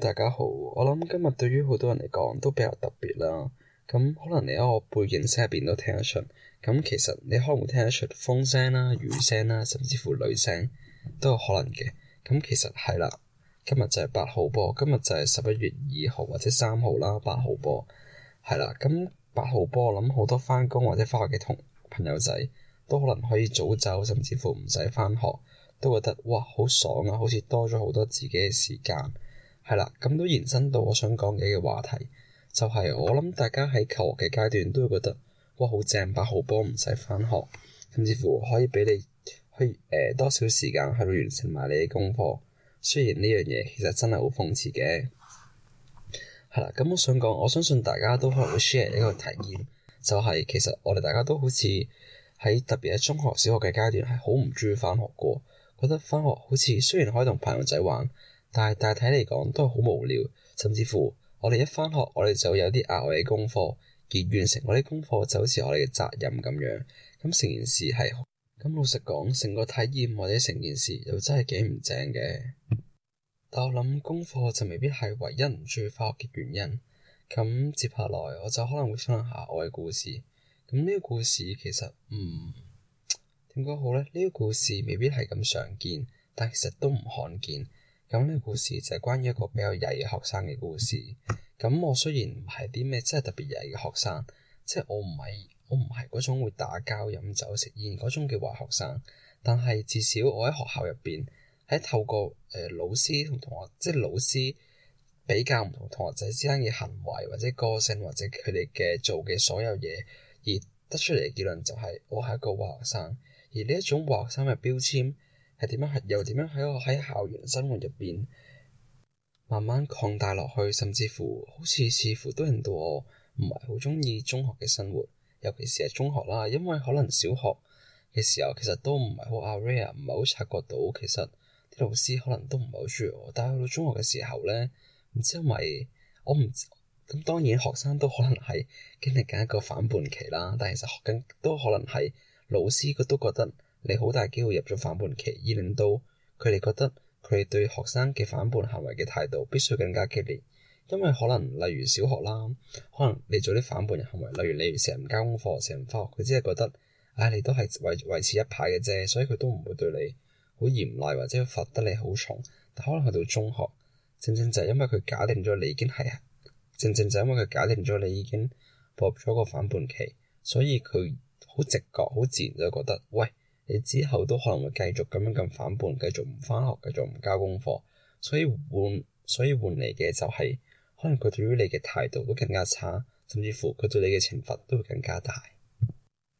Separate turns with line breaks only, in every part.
大家好，我諗今日對於好多人嚟講都比較特別啦。咁可能你喺我背景聲入邊都聽得出。咁其實你可能會聽得出風聲啦、雨聲啦，甚至乎雷聲都有可能嘅。咁其實係啦，今日就係八號波，今日就係十一月二號或者三號啦，八號波係啦。咁八號波，我諗好多翻工或者翻學嘅同朋友仔都可能可以早走，甚至乎唔使翻學，都覺得哇好爽啊，好似多咗好多自己嘅時間。係啦，咁都延伸到我想講嘅一個話題，就係、是，我諗大家喺求學嘅階段都會覺得，哇，好正，八號波唔使翻學，甚至乎可以俾你去誒、呃、多少時間喺度完成埋你嘅功課。雖然呢樣嘢其實真係好諷刺嘅。係啦，咁我想講，我相信大家都可能會 share 一個體驗，就係、是，其實我哋大家都好似喺特別喺中學、小學嘅階段係好唔中意翻學過，覺得翻學好似雖然可以同朋友仔玩。但係大體嚟講都係好無聊，甚至乎我哋一返學，我哋就有啲額外嘅功課，而完成我啲功課就好似我哋嘅責任咁樣。咁成件事係咁老實講，成個體驗或者成件事又真係幾唔正嘅。但我諗功課就未必係唯一唔中意返學嘅原因。咁接下來我就可能會分享下我嘅故事。咁呢個故事其實唔點講好咧？呢個故事未必係咁常見，但其實都唔罕見。咁呢個故事就係關於一個比較曳嘅學生嘅故事。咁我雖然唔係啲咩真係特別曳嘅學生，即係我唔係我唔係嗰種會打交、飲酒、食煙嗰種嘅壞學生。但係至少我喺學校入邊，喺透過誒、呃、老師同同學，即係老師比較唔同同學仔之間嘅行為或者個性或者佢哋嘅做嘅所有嘢，而得出嚟嘅結論就係我係一個壞學生。而呢一種壞學生嘅標籤。係點樣？係又點樣喺我喺校園生活入邊慢慢擴大落去，甚至乎好似似乎都令到我唔係好中意中學嘅生活，尤其是係中學啦。因為可能小學嘅時候其實都唔係好 aware，唔係好察覺到其實啲老師可能都唔係好中意我。但係去到中學嘅時候咧，唔知因為我唔咁當然學生都可能係經歷緊一個反叛期啦，但係其實學緊都可能係老師佢都覺得。你好大機會入咗反叛期，而令到佢哋覺得佢哋對學生嘅反叛行為嘅態度必須更加激烈，因為可能例如小學啦，可能你做啲反叛嘅行為，例如你成日唔交功課，成日唔返學，佢只係覺得唉、哎，你都係維維持一排嘅啫，所以佢都唔會對你好嚴厲，或者罰得你好重。但可能去到中學，正正就係因為佢假定咗你已經係呀，正正就因為佢假定咗你已經步入咗個反叛期，所以佢好直覺好自然就覺得喂。你之後都可能會繼續咁樣咁反叛，繼續唔返學，繼續唔交功課，所以換所以換嚟嘅就係、是、可能佢對於你嘅態度都更加差，甚至乎佢對你嘅懲罰都會更加大。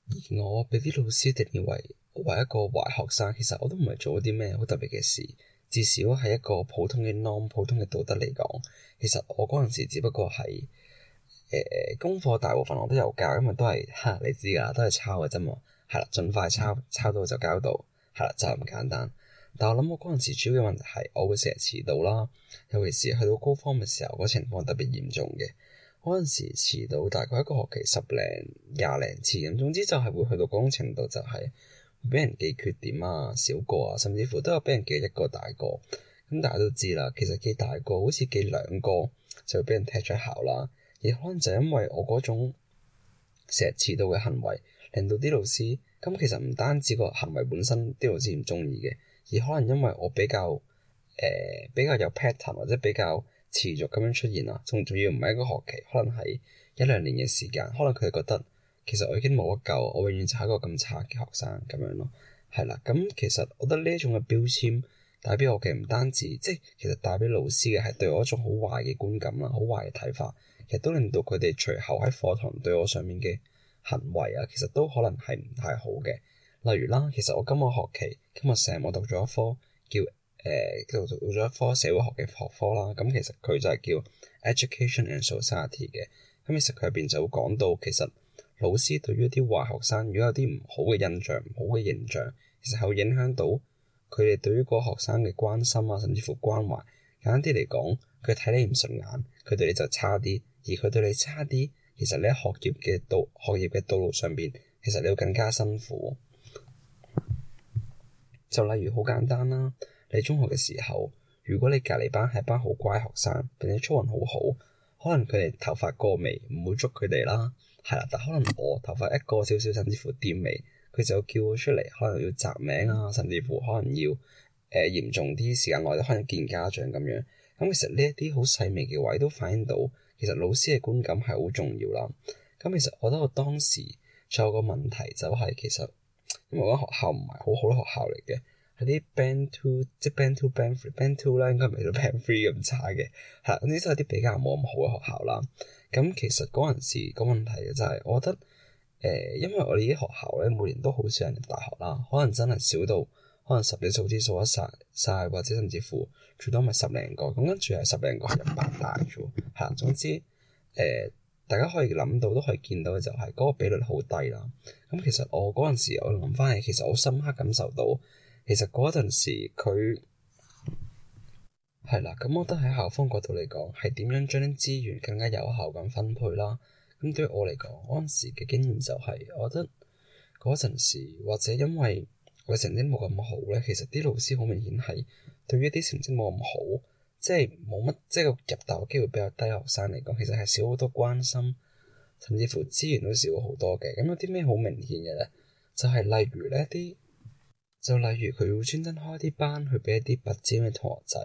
而我俾啲老師定義為為一個壞學生，其實我都唔係做咗啲咩好特別嘅事，至少係一個普通嘅 norm 普通嘅道德嚟講，其實我嗰陣時只不過係。誒、呃，功課大部分我都有交，因為都係吓你知噶，都係抄嘅啫嘛。係啦，盡快抄抄到就交到，係啦就咁簡單。但係我諗我嗰陣時主要嘅問題係，我會成日遲到啦。尤其是去到高方嘅時候，嗰情況特別嚴重嘅。嗰陣時遲到大概一個學期十零廿零次咁，總之就係會去到嗰種程度，就係會俾人記缺點啊、小過啊，甚至乎都有俾人記一個大過。咁大家都知啦，其實記大過好似記兩個就俾人踢出校啦。而可能就係因為我嗰種成日遲到嘅行為，令到啲老師，咁其實唔單止個行為本身啲老師唔中意嘅，而可能因為我比較誒、呃、比較有 pattern 或者比較持續咁樣出現啊，仲仲要唔係一個學期，可能係一兩年嘅時間，可能佢哋覺得其實我已經冇得救，我永遠就係一個咁差嘅學生咁樣咯，係啦，咁其實我覺得呢一種嘅標籤。帶俾我嘅唔單止，即係其實帶俾老師嘅係對我一種好壞嘅觀感啊，好壞嘅睇法，其實都令到佢哋隨後喺課堂對我上面嘅行為啊，其實都可能係唔太好嘅。例如啦，其實我今個學期今日成日我讀咗一科叫誒，即、呃、係讀咗一科社會學嘅學科啦。咁其實佢就係叫 Education and Society 嘅。咁其實佢入邊就會講到其實老師對於一啲壞學生如果有啲唔好嘅印象、唔好嘅形象，其實係會影響到。佢哋對於嗰個學生嘅關心啊，甚至乎關懷。簡單啲嚟講，佢睇你唔順眼，佢對你就差啲；而佢對你差啲，其實你喺學業嘅道、學業嘅道路上邊，其實你要更加辛苦。就例如好簡單啦，你中學嘅時候，如果你隔離班係班好乖學生，並且操運好好，可能佢哋頭髮過眉，唔會捉佢哋啦。係啦，但可能我頭髮一個少少，甚至乎掂眉。佢就叫我出嚟，可能要集名啊，甚至乎可能要誒、呃、嚴重啲時間外，可能見家長咁樣。咁其實呢一啲好細微嘅位都反映到，其實老師嘅觀感係好重要啦。咁其實我覺得我當時仲有個問題就係、是、其實，因為我間學校唔係好好嘅學校嚟嘅，係啲 Band Two 即 Band Two Band Three Band Two 咧，應該唔係到 Band Three 咁差嘅，係啦，總之都有啲比較冇咁好嘅學校啦。咁其實嗰陣時、那個問題就係、是、我覺得。誒，因為我哋啲學校咧，每年都好少人入大學啦，可能真係少到可能十幾組之數一晒，曬，或者甚至乎最多咪十零個，咁跟住係十零個入北大啫喎，係、嗯、總之誒、呃，大家可以諗到都可以見到嘅就係嗰個比率好低啦。咁其實我嗰陣時我諗翻起，其實我，我其實深刻感受到，其實嗰陣時佢係啦，咁我覺得喺校方角度嚟講，係點樣將啲資源更加有效咁分配啦。咁對於我嚟講，嗰陣時嘅經驗就係、是，我覺得嗰陣時或者因為我成績冇咁好咧，其實啲老師好明顯係對於一啲成績冇咁好，即係冇乜即係個入大學機會比較低學生嚟講，其實係少好多關心，甚至乎資源都少好多嘅。咁有啲咩好明顯嘅咧？就係、是、例如咧啲，就例如佢會專登開啲班去俾一啲拔尖嘅同學仔、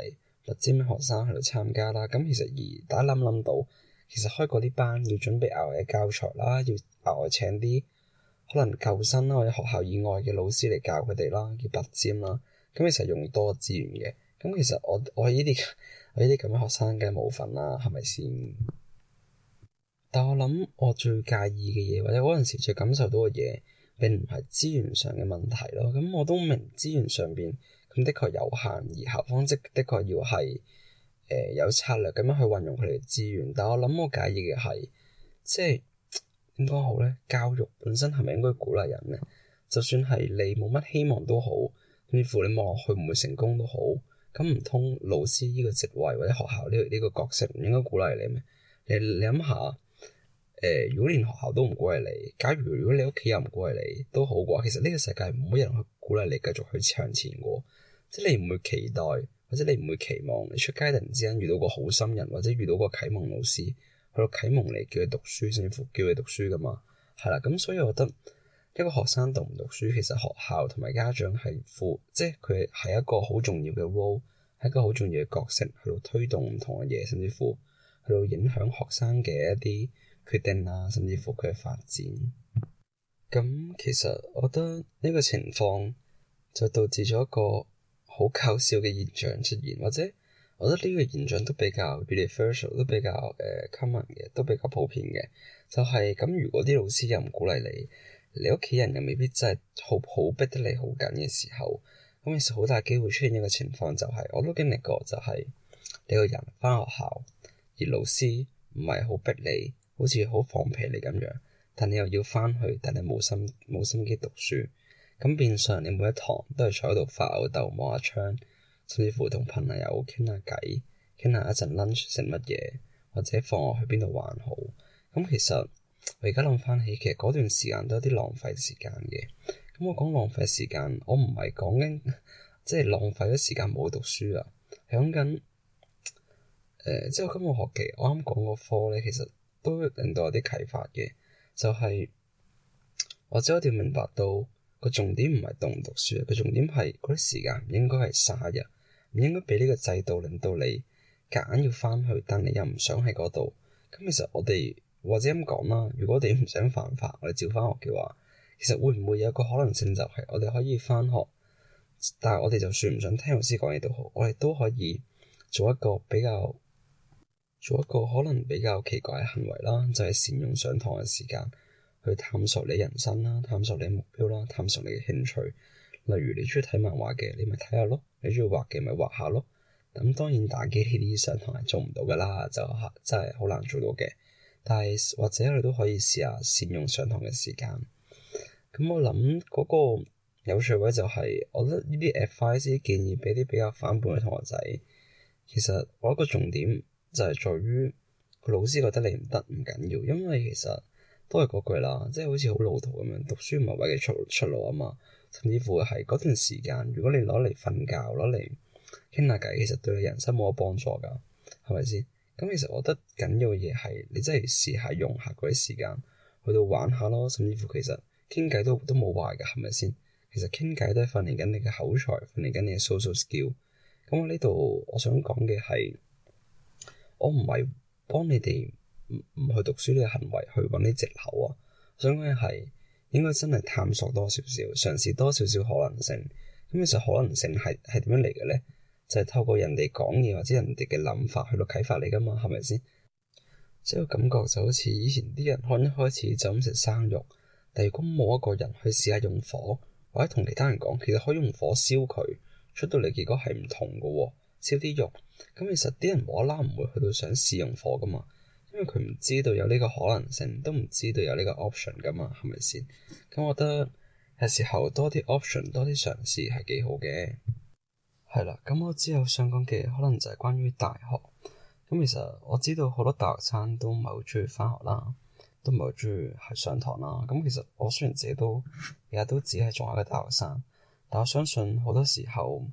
拔尖嘅學生去度參加啦。咁其實而家諗諗到。其實開嗰啲班要準備額外嘅教材啦，要額外請啲可能舊生啦，或者學校以外嘅老師嚟教佢哋啦，叫拔尖啦，咁其實用多資源嘅，咁其實我我呢啲我呢啲咁嘅學生梗係冇份啦，係咪先？但我諗我最介意嘅嘢，或者嗰陣時最感受到嘅嘢，並唔係資源上嘅問題咯，咁我都明資源上邊咁的確有限，而校方即的確要係。誒、呃，有策略咁樣去運用佢哋嘅資源，但係我諗我介意嘅係，即係點講好咧？教育本身係咪應該鼓勵人咧？就算係你冇乜希望都好，甚至乎你望落去唔會成功都好，咁唔通老師呢個職位或者學校呢、呢個角色唔應該鼓勵你咩？你你諗下，誒、呃，如果連學校都唔鼓勵你，假如如果你屋企又唔鼓勵你，都好啩。其實呢個世界唔會有人去鼓勵你繼續去向前嘅，即係你唔會期待。即係你唔會期望你出街突然之間遇到個好心人，或者遇到個啟蒙老師去到啟蒙你，叫佢讀書，甚至乎叫佢讀書噶嘛係啦。咁所以我覺得一個學生讀唔讀書，其實學校同埋家長係負，即係佢係一個好重要嘅 role，係一個好重要嘅角色，去到推動唔同嘅嘢，甚至乎去到影響學生嘅一啲決定啊，甚至乎佢嘅發展。咁其實我覺得呢個情況就導致咗一個。好搞笑嘅現象出現，或者我覺得呢個現象都比較 universal，都比較誒、uh, common 嘅，都比較普遍嘅。就係、是、咁，如果啲老師又唔鼓勵你，你屋企人又未必真係好好逼得你好緊嘅時候，咁其實好大機會出現一個情況、就是，就係我都經歷過，就係、是、你個人返學校，而老師唔係好逼你，好似好放屁你咁樣，但你又要返去，但你冇心冇心機讀書。咁變相你每一堂都係坐喺度發吽哣，望下窗，甚至乎同朋友傾下偈，傾下一陣 lunch 食乜嘢，或者放學去邊度玩好。咁其實我而家諗翻起，其實嗰段時間都有啲浪費時間嘅。咁我講浪費時間，我唔係講緊即係浪費咗時間冇讀書啊，係講緊誒，即係我今個學期我啱講個科咧，其實都令到我有啲啟發嘅，就係、是、我朝頭早明白到。個重點唔係讀唔讀書，佢重點係嗰啲時間唔應該係煞日，唔應該俾呢個制度令到你夾硬要翻去，但你又唔想喺嗰度。咁其實我哋或者咁講啦，如果我哋唔想犯法，我哋照翻學嘅話，其實會唔會有一個可能性就係我哋可以翻學，但係我哋就算唔想聽老師講嘢都好，我哋都可以做一個比較，做一個可能比較奇怪嘅行為啦，就係善用上堂嘅時間。去探索你人生啦，探索你目標啦，探索你嘅興趣。例如你中意睇漫畫嘅，你咪睇下咯；你中意畫嘅，咪畫下咯。咁當然打機呢啲上堂係做唔到噶啦，就真係好難做到嘅。但係或者你都可以試下善用上堂嘅時間。咁我諗嗰個有趣位就係，我覺得呢啲 advice，啲建議俾啲比較反叛嘅同學仔。其實我一個重點就係在於，個老師覺得你唔得唔緊要，因為其實。都係嗰句啦，即係好似好老土咁樣，讀書唔係唯一嘅出路出路啊嘛。甚至乎係嗰段時間，如果你攞嚟瞓覺，攞嚟傾下偈，其實對你人生冇乜幫助噶，係咪先？咁其實我覺得緊要嘅嘢係，你真係試下用下嗰啲時間去到玩下咯，甚至乎其實傾偈都都冇壞噶，係咪先？其實傾偈都係訓練緊你嘅口才，訓練緊你嘅 social skill。咁我呢度我想講嘅係，我唔係幫你哋。唔去讀書呢個行為去揾啲藉口啊，所以應該係應該真係探索多少少，嘗試多少少可能性。咁其實可能性係係點樣嚟嘅呢？就係透過人哋講嘢或者人哋嘅諗法去到啟發你噶嘛，係咪先？即係感覺就好似以前啲人可能一開始就咁食生肉，但係如果冇一個人去試下用火，或者同其他人講，其實可以用火燒佢出到嚟，結果係唔同噶。燒啲肉咁，其實啲人無啦啦唔會去到想試用火噶嘛。因為佢唔知道有呢個可能性，都唔知道有呢個 option 噶嘛，係咪先？咁我覺得係時候多啲 option，多啲嘗試係幾好嘅。係啦，咁我之後想講嘅可能就係關於大學。咁其實我知道好多大學生都唔係好中意翻學啦，都唔係好中意係上堂啦。咁其實我雖然自己都而家都只係仲有一個大學生，但我相信好多時候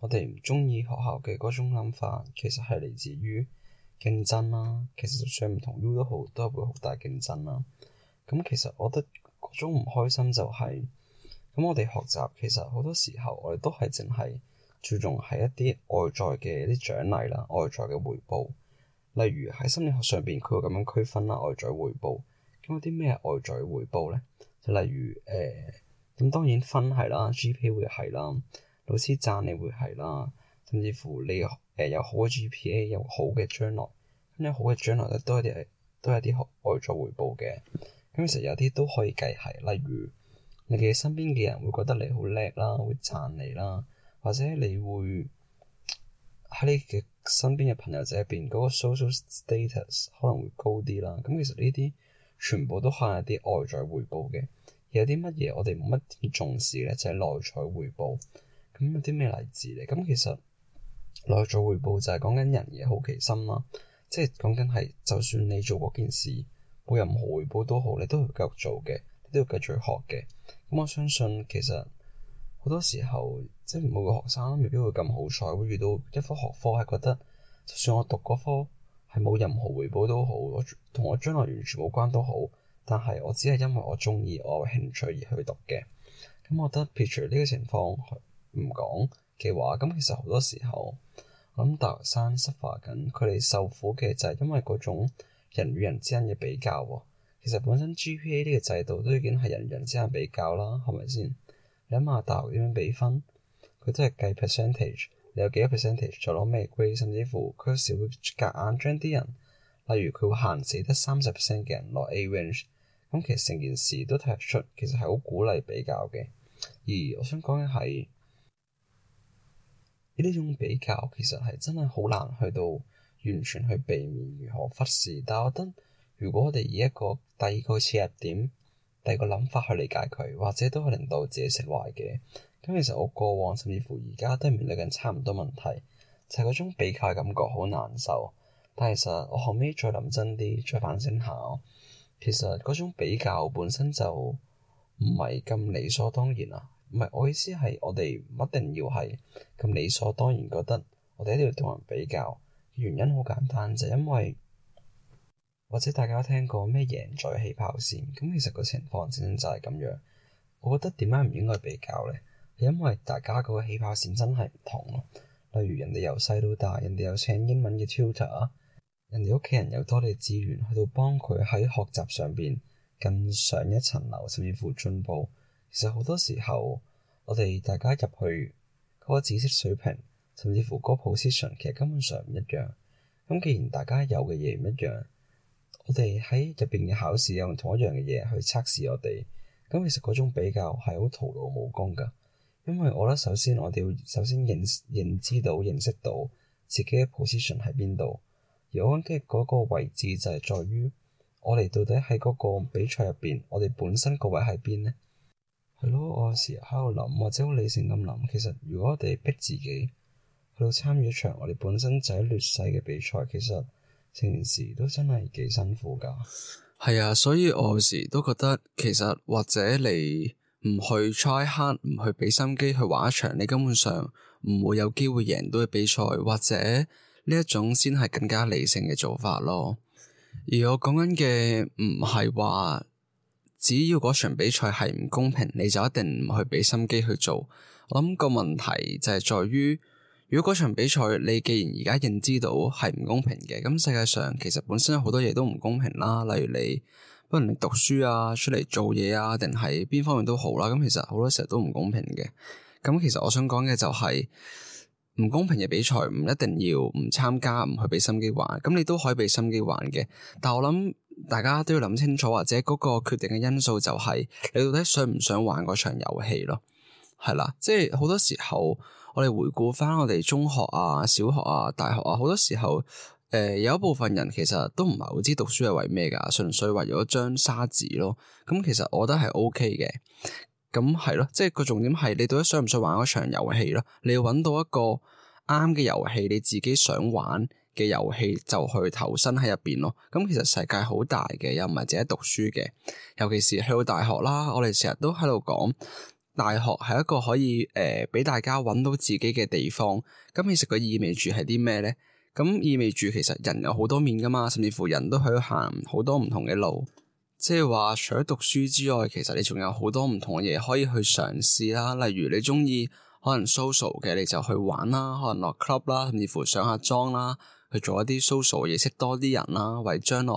我哋唔中意學校嘅嗰種諗法，其實係嚟自於。競爭啦，其實就算唔同 U 都好，都係會好大競爭啦。咁其實我覺得嗰種唔開心就係、是，咁我哋學習其實好多時候，我哋都係淨係注重係一啲外在嘅一啲獎勵啦，外在嘅回報。例如喺心理學上邊，佢會咁樣區分啦，外在回報。咁有啲咩外在回報咧？就例如誒，咁、呃、當然分係啦，GPA 會係啦，老師讚你會係啦，甚至乎你誒、呃、有好嘅 GPA，有好嘅將來。咁呢好嘅，將來咧都有啲係，都有啲外在回報嘅。咁其實有啲都可以計係，例如你嘅身邊嘅人會覺得你好叻啦，會讚你啦，或者你會喺你嘅身邊嘅朋友仔入邊嗰個 social status 可能會高啲啦。咁其實呢啲全部都係一啲外在回報嘅。有啲乜嘢我哋冇乜點重視咧，就係、是、內在回報。咁有啲咩例子咧？咁其實內在回報就係講緊人嘅好奇心啊。即係講緊係，就算你做嗰件事冇任何回報都好，你都要繼續做嘅，你都要繼續學嘅。咁我相信其實好多時候，即係每個學生未必會咁好彩，會遇到一科學科係覺得，就算我讀嗰科係冇任何回報都好，我同我將來完全冇關都好，但係我只係因為我中意我嘅興趣而去讀嘅。咁我覺得撇除呢個情況唔講嘅話，咁其實好多時候。咁大學生 suffer 緊，佢哋受苦嘅就係因為嗰種人與人之間嘅比較喎、哦。其實本身 GPA 呢個制度都已經係人人之間比較啦，係咪先？你諗下大學點樣比分，佢都係計 percentage，你有幾多 percentage 就攞咩 grade，甚至乎佢有時會夾硬將啲人，例如佢會限死得三十 percent 嘅人攞 A range。咁其實成件事都睇得出，其實係好鼓勵比較嘅。而我想講嘅係。呢種比較其實係真係好難去到完全去避免如何忽視，但係我覺得如果我哋以一個第二個切入點、第二個諗法去理解佢，或者都可以令到自己釋懷嘅。咁其實我過往甚至乎而家都面對緊差唔多問題，就係嗰種比較感覺好難受。但係其實我後尾再諗真啲，再反省下，其實嗰種比較本身就唔係咁理所當然啊。唔係，我意思係我哋唔一定要係咁理所當然覺得我哋一定要同人比較。原因好簡單，就係因為或者大家聽過咩贏在起跑線咁，其實個情況正正就係咁樣。我覺得點解唔應該比較呢？係因為大家個起跑線真係唔同咯。例如人哋由細到大，人哋有請英文嘅 tutor，人哋屋企人有多啲資源去到幫佢喺學習上邊更上一層樓，甚至乎進步。其實好多時候，我哋大家入去嗰個知識水平，甚至乎嗰個 position，其實根本上唔一樣。咁既然大家有嘅嘢唔一樣，我哋喺入邊嘅考試用同一樣嘅嘢去測試我哋，咁其實嗰種比較係好徒勞無功噶。因為我覺得首先我哋要首先認認知到、認識到自己嘅 position 喺邊度，而我諗嘅嗰個位置就係在於我哋到底喺嗰個比賽入邊，我哋本身個位喺邊呢？係咯，我有時喺度諗，或者好理性咁諗，其實如果我哋逼自己去到參與一場我哋本身就係劣勢嘅比賽，其實成件事都真係幾辛苦噶。係啊，所以我有時都覺得，其實或者你唔去 try hard，唔去畀心機去玩一場，你根本上唔會有機會贏到嘅比賽，或者呢一種先係更加理性嘅做法咯。而我講緊嘅唔係話。只要嗰場比賽係唔公平，你就一定唔去俾心機去做。我諗個問題就係在於，如果嗰場比賽你既然而家認知到係唔公平嘅，咁世界上其實本身好多嘢都唔公平啦。例如你，不能讀書啊、出嚟做嘢啊，定係邊方面都好啦。咁其實好多時候都唔公平嘅。咁其實我想講嘅就係、是。唔公平嘅比賽唔一定要唔參加，唔去畀心機玩，咁你都可以畀心機玩嘅。但我諗大家都要諗清楚，或者嗰個決定嘅因素就係你到底想唔想玩嗰場遊戲咯。係啦，即係好多時候我哋回顧翻我哋中學啊、小學啊、大學啊，好多時候誒、呃、有一部分人其實都唔係好知讀書係為咩噶純粹為咗張砂紙咯。咁其實我覺得係 OK 嘅。咁係咯，即係個重點係你到底想唔想玩嗰場遊戲咯？你要揾到一個啱嘅遊戲，你自己想玩嘅遊戲就去投身喺入邊咯。咁、嗯、其實世界好大嘅，又唔係淨係讀書嘅，尤其是去到大學啦，我哋成日都喺度講，大學係一個可以誒俾、呃、大家揾到自己嘅地方。咁、嗯、其實佢意味住係啲咩咧？咁、嗯、意味住其實人有好多面噶嘛，甚至乎人都去行好多唔同嘅路。即係話，除咗讀書之外，其實你仲有好多唔同嘅嘢可以去嘗試啦。例如你鍾意可能 social 嘅，你就去玩啦，可能落 club 啦，甚至乎上下莊啦，去做一啲 social 嘢，識多啲人啦，為將來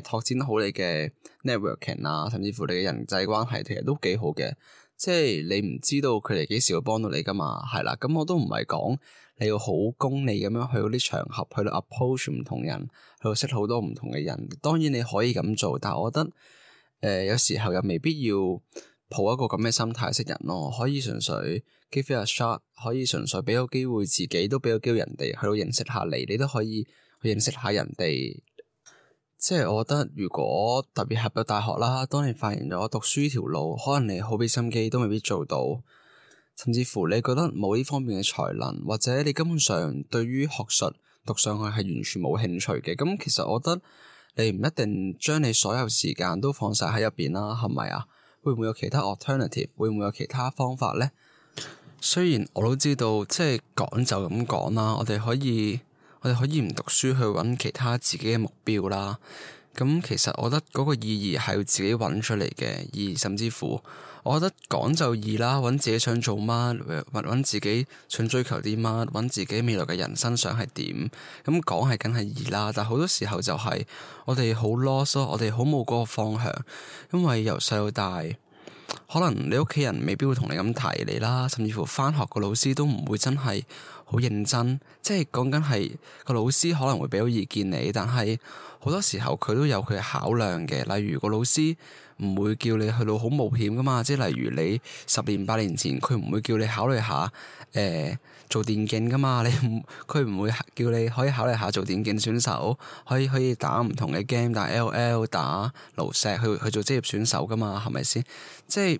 誒拓展好你嘅 networking 啊，甚至乎你嘅人際關係，其實都幾好嘅。即係你唔知道佢哋幾時會幫到你噶嘛，係啦。咁我都唔係講你要好功利咁樣去嗰啲場合去到 approach 唔同人，去到識好多唔同嘅人。當然你可以咁做，但係我覺得誒、呃，有時候又未必要抱一個咁嘅心態識人咯。可以純粹 give a shot，可以純粹畀個機會自己，都俾個機會人哋去到認識下你，你都可以去認識下人哋。即係我覺得，如果特別入到大學啦，當你發現咗讀書呢條路，可能你好俾心機都未必做到，甚至乎你覺得冇呢方面嘅才能，或者你根本上對於學術讀上去係完全冇興趣嘅，咁其實我覺得你唔一定將你所有時間都放晒喺入邊啦，係咪啊？會唔會有其他 alternative？會唔會有其他方法咧？雖然我都知道，即係講就咁講啦，我哋可以。我哋可以唔讀書去揾其他自己嘅目標啦。咁其實我覺得嗰個意義係要自己揾出嚟嘅，而甚至乎，我覺得講就易啦，揾自己想做乜，揾揾自己想追求啲乜，揾自己未來嘅人生想係點。咁講係梗係易啦，但係好多時候就係我哋好 lost，我哋好冇嗰個方向，因為由細到大，可能你屋企人未必會同你咁提你啦，甚至乎返學個老師都唔會真係。好認真，即係講緊係個老師可能會俾到意見你，但係好多時候佢都有佢考量嘅。例如個老師唔會叫你去到好冒險噶嘛，即係例如你十年八年前，佢唔會叫你考慮下誒、呃、做電競噶嘛。你唔佢唔會叫你可以考慮下做電競選手，可以可以打唔同嘅 game，打 LOL 打爐石去去做職業選手噶嘛係咪先？即係。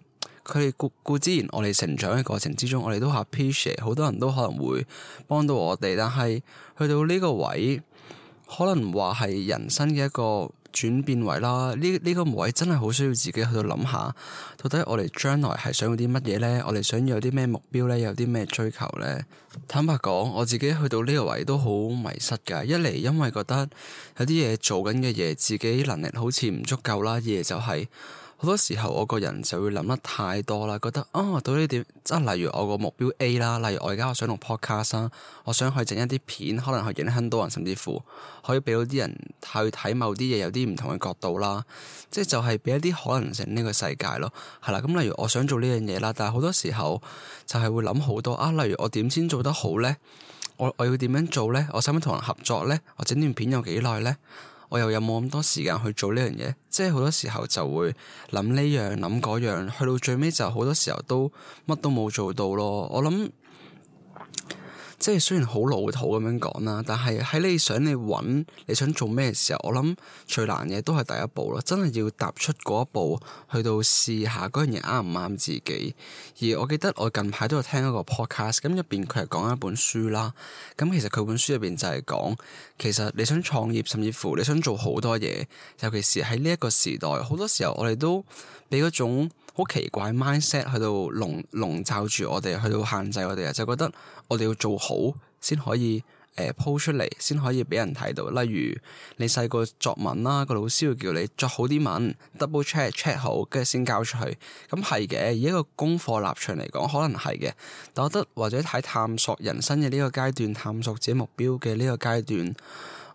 佢哋固固之然，我哋成長嘅過程之中，我哋都學 p e 好多人都可能會幫到我哋。但係去到呢個位，可能話係人生嘅一個轉變位啦。呢呢、呢個位真係好需要自己去到諗下，到底我哋將來係想要啲乜嘢呢？我哋想要有啲咩目標呢？有啲咩追求呢？坦白講，我自己去到呢個位都好迷失噶。一嚟因為覺得有啲嘢做緊嘅嘢，自己能力好似唔足夠啦。二就係、是。好多時候，我個人就會諗得太多啦，覺得啊、哦、到呢點，即係例如我個目標 A 啦，例如我而家我，我想錄 podcast，我想去整一啲片，可能去影響多人，甚至乎可以俾到啲人去睇某啲嘢，有啲唔同嘅角度啦，即係就係俾一啲可能性呢個世界咯，係、嗯、啦。咁例如我想做呢樣嘢啦，但係好多時候就係會諗好多啊。例如我點先做得好咧？我我要點樣做咧？我使唔使同人合作咧？我整段片有幾耐咧？我又有冇咁多時間去做呢樣嘢？即係好多時候就會諗呢樣諗嗰樣，去到最尾就好多時候都乜都冇做到咯。我諗。即係雖然好老土咁樣講啦，但係喺你想你揾你想做咩嘅時候，我諗最難嘅都係第一步囉。真係要踏出嗰一步，去到試下嗰樣嘢啱唔啱自己。而我記得我近排都有聽一個 podcast，咁入邊佢係講一本書啦。咁其實佢本書入邊就係講，其實你想創業，甚至乎你想做好多嘢，尤其是喺呢一個時代，好多時候我哋都俾個好奇怪 mindset 去到籠籠罩住我哋，去到限制我哋啊！就覺得我哋要做好先可以誒、呃，鋪出嚟先可以畀人睇到。例如你細個作文啦，個老師會叫你作好啲文，double check check 好，跟住先交出去。咁係嘅，以一個功課立場嚟講，可能係嘅。但我覺得或者喺探索人生嘅呢個階段，探索自己目標嘅呢個階段，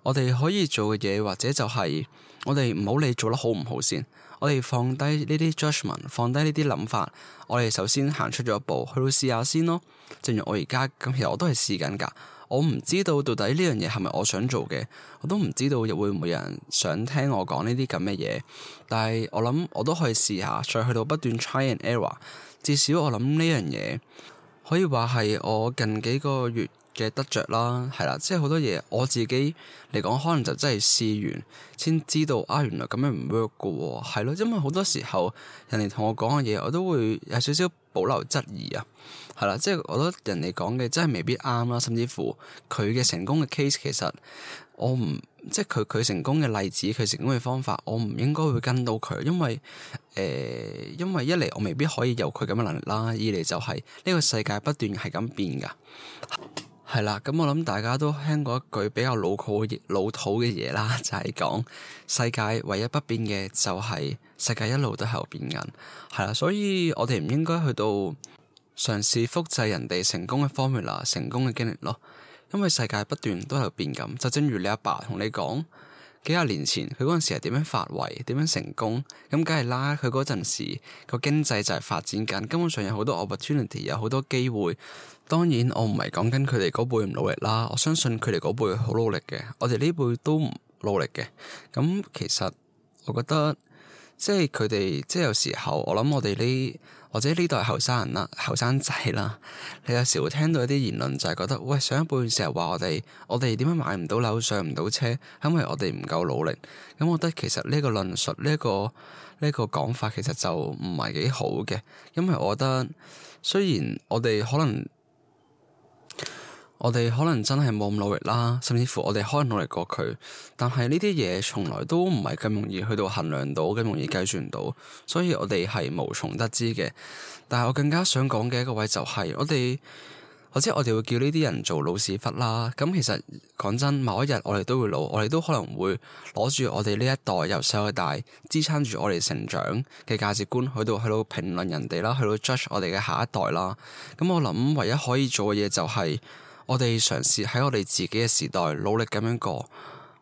我哋可以做嘅嘢，或者就係、是、我哋唔好理做得好唔好先。我哋放低呢啲 judgment，放低呢啲諗法，我哋首先行出咗一步，去到試下先咯。正如我而家咁，其實我都係試緊㗎。我唔知道到底呢樣嘢係咪我想做嘅，我都唔知道會會唔會有人想聽我講呢啲咁嘅嘢。但係我諗，我都可以試下，再去到不斷 try and error。至少我諗呢樣嘢可以話係我近幾個月嘅得着啦，係啦，即係好多嘢。我自己嚟講，可能就真係試完先知道啊，原來咁樣唔 work 噶係咯，因為好多時候人哋同我講嘅嘢，我都會有少少保留質疑啊，係啦，即係我覺得人哋講嘅真係未必啱啦，甚至乎佢嘅成功嘅 case，其實我唔即係佢佢成功嘅例子，佢成功嘅方法，我唔應該會跟到佢，因為誒、呃，因為一嚟我未必可以有佢咁嘅能力啦，二嚟就係呢個世界不斷係咁變噶。係啦，咁我諗大家都聽過一句比較老套老土嘅嘢啦，就係講世界唯一不變嘅就係世界一路都喺度變緊，係啦，所以我哋唔應該去到嘗試複製人哋成功嘅 formula、成功嘅經歷咯，因為世界不斷都喺度變緊，就正如你阿爸同你講。幾廿年前，佢嗰陣時係點樣發圍、點樣成功？咁梗係啦，佢嗰陣時個經濟就係發展緊，根本上有好多 opportunity，有好多機會。當然，我唔係講緊佢哋嗰輩唔努力啦，我相信佢哋嗰輩好努力嘅。我哋呢輩都唔努力嘅。咁其實我覺得，即係佢哋，即係有時候，我諗我哋呢。或者呢代後生人啦、後生仔啦，你有時會聽到一啲言論，就係覺得，喂，上一輩成日話我哋，我哋點解買唔到樓、上唔到車，係因為我哋唔夠努力。咁我覺得其實呢個論述、呢個、呢個講法其實就唔係幾好嘅，因為我覺得雖然我哋可能。我哋可能真係冇咁努力啦，甚至乎我哋可能努力過佢，但係呢啲嘢從來都唔係咁容易去到衡量到，咁容易計算到，所以我哋係無從得知嘅。但係我更加想講嘅一個位就係、是、我哋，或者我哋會叫呢啲人做老屎忽啦。咁其實講真，某一日我哋都會老，我哋都可能會攞住我哋呢一代由細到大支撐住我哋成長嘅價值觀，去到去到評論人哋啦，去到 judge 我哋嘅下一代啦。咁我諗唯一可以做嘅嘢就係、是。我哋嘗試喺我哋自己嘅時代努力咁樣過，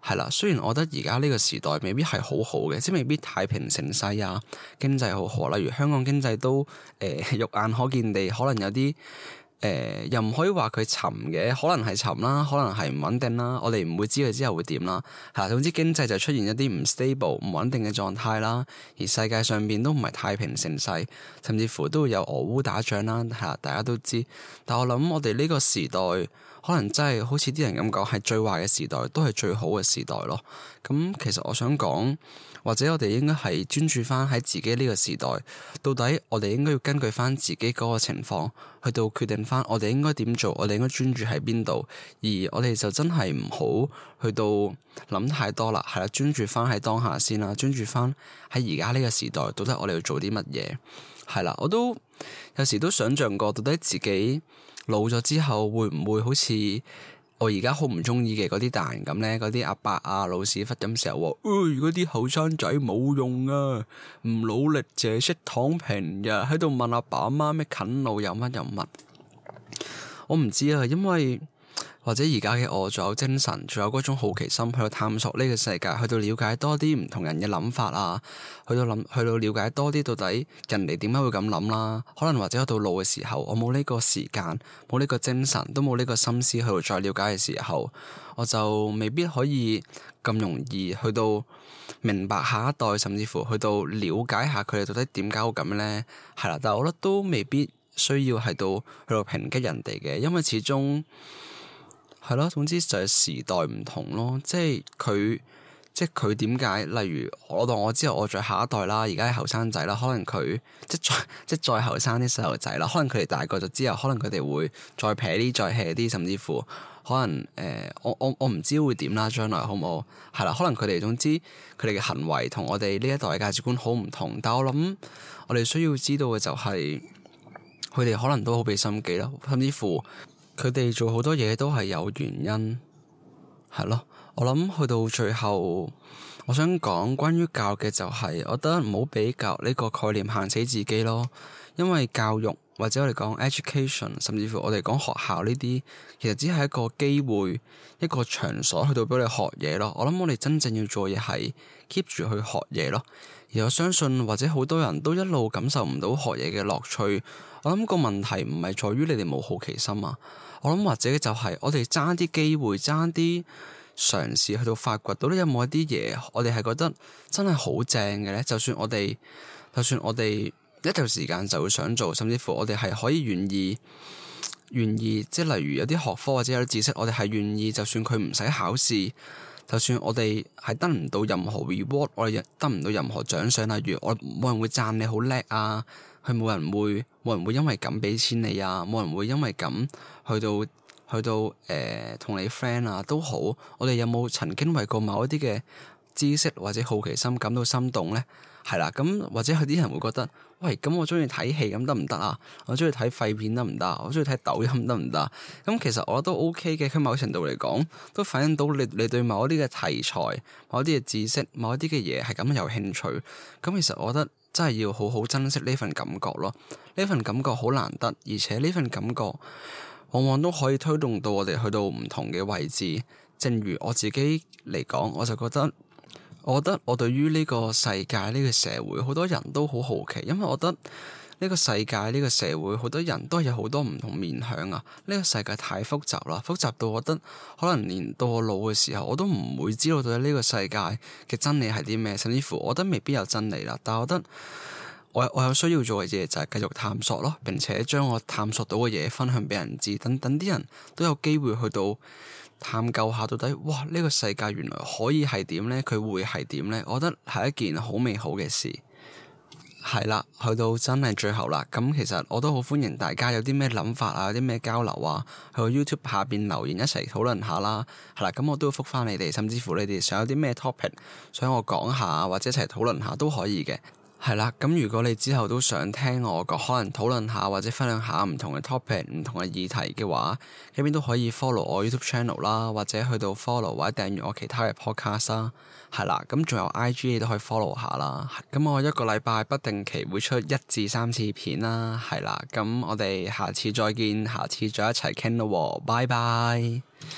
係啦。雖然我覺得而家呢個時代未必係好好嘅，即未必太平盛世啊，經濟好好。例如香港經濟都誒、呃、肉眼可見地可能有啲。誒、呃、又唔可以話佢沉嘅，可能係沉啦，可能係唔穩定啦，我哋唔會知佢之後會點啦。嚇，總之經濟就出現一啲唔 stable 唔穩定嘅狀態啦。而世界上邊都唔係太平盛世，甚至乎都會有俄烏打仗啦。嚇，大家都知。但我諗我哋呢個時代可能真係好似啲人咁講，係最壞嘅時代，都係最好嘅時代咯。咁其實我想講。或者我哋應該係專注翻喺自己呢個時代，到底我哋應該要根據翻自己嗰個情況，去到決定翻我哋應該點做，我哋應該專注喺邊度，而我哋就真係唔好去到諗太多啦，係啦，專注翻喺當下先啦，專注翻喺而家呢個時代，到底我哋要做啲乜嘢？係啦，我都有時都想象過，到底自己老咗之後會唔會好似？我而家好唔鍾意嘅嗰啲大人咁咧，嗰啲阿伯啊、老屎忽咁成日、哎，如果啲後生仔冇用啊，唔努力淨係識躺平，又喺度問阿爸阿媽咩近路又乜又乜，我唔知啊，因為。或者而家嘅我仲有精神，仲有嗰種好奇心去到探索呢個世界，去到了解多啲唔同人嘅諗法啊，去到諗去到了解多啲到底人哋點解會咁諗啦。可能或者到老嘅時候，我冇呢個時間，冇呢個精神，都冇呢個心思去到再了解嘅時候，我就未必可以咁容易去到明白下一代，甚至乎去到了解下佢哋到底點解會咁咧。係啦，但係我覺得都未必需要係到去到抨擊人哋嘅，因為始終。係咯，總之就係時代唔同咯，即係佢，即係佢點解？例如我當我之後我再下一代啦，而家係後生仔啦，可能佢即係再即再後生啲細路仔啦，可能佢哋大個咗之後，可能佢哋會再撇啲、再 hea 啲，甚至乎可能誒，我我我唔知會點啦，將來好唔好？係啦，可能佢哋總之佢哋嘅行為同我哋呢一代嘅價值觀好唔同，但我諗我哋需要知道嘅就係佢哋可能都好俾心機啦，甚至乎。佢哋做好多嘢都係有原因，係咯。我諗去到最後，我想講關於教嘅就係、是，我覺得唔好比較呢個概念，限死自己咯。因為教育或者我哋講 education，甚至乎我哋講學校呢啲，其實只係一個機會，一個場所，去到俾你學嘢咯。我諗我哋真正要做嘢係 keep 住去學嘢咯。而我相信，或者好多人都一路感受唔到學嘢嘅樂趣。我諗個問題唔係在於你哋冇好奇心啊，我諗或者就係我哋爭啲機會，爭啲嘗試去到發掘到咧有冇一啲嘢，我哋係覺得真係好正嘅咧。就算我哋，就算我哋一有時間就會想做，甚至乎我哋係可以願意，願意，即係例如有啲學科或者有啲知識，我哋係願意，就算佢唔使考試，就算我哋係得唔到任何 reward，我哋得唔到任何獎賞，例如我冇人會讚你好叻啊。佢冇人會，冇人會因為咁畀錢你啊！冇人會因為咁去到去到誒同、呃、你 friend 啊都好，我哋有冇曾經為過某一啲嘅知識或者好奇心感到心動咧？係啦，咁或者有啲人會覺得，喂，咁我中意睇戲咁得唔得啊？我中意睇廢片得唔得？我中意睇抖音得唔得？咁其實我都 OK 嘅，佢某程度嚟講，都反映到你你對某一啲嘅題材、某一啲嘅知識、某一啲嘅嘢係咁有興趣。咁其實我覺得。真係要好好珍惜呢份感覺咯，呢份感覺好難得，而且呢份感覺往往都可以推動到我哋去到唔同嘅位置。正如我自己嚟講，我就覺得，我覺得我對於呢個世界、呢個社會，好多人都好好奇，因為我覺得。呢個世界，呢個社會，好多人都有好多唔同面向啊！呢個世界太複雜啦，複雜到我覺得可能連到我老嘅時候，我都唔會知道到底呢個世界嘅真理係啲咩，甚至乎我覺得未必有真理啦。但係我覺得我我有需要做嘅嘢就係繼續探索咯，並且將我探索到嘅嘢分享俾人知，等等啲人都有機會去到探究下到底，哇！呢個世界原來可以係點咧？佢會係點咧？我覺得係一件好美好嘅事。係啦，去到真係最後啦。咁其實我都好歡迎大家有啲咩諗法啊，有啲咩交流啊，去 YouTube 下邊留言一齊討論下啦。係啦，咁我都覆翻你哋，甚至乎你哋想有啲咩 topic 想我講下，或者一齊討論下都可以嘅。係啦，咁如果你之後都想聽我個，可能討論下或者分享下唔同嘅 topic、唔同嘅議題嘅話，咁邊都可以 follow 我 YouTube channel 啦，或者去到 follow 或者訂閱我其他嘅 podcast 啦。係啦，咁仲有 IG 亦都可以 follow 下啦。咁我一個禮拜不定期會出一至三次片啦。係啦，咁我哋下次再見，下次再一齊傾咯。喎，拜拜。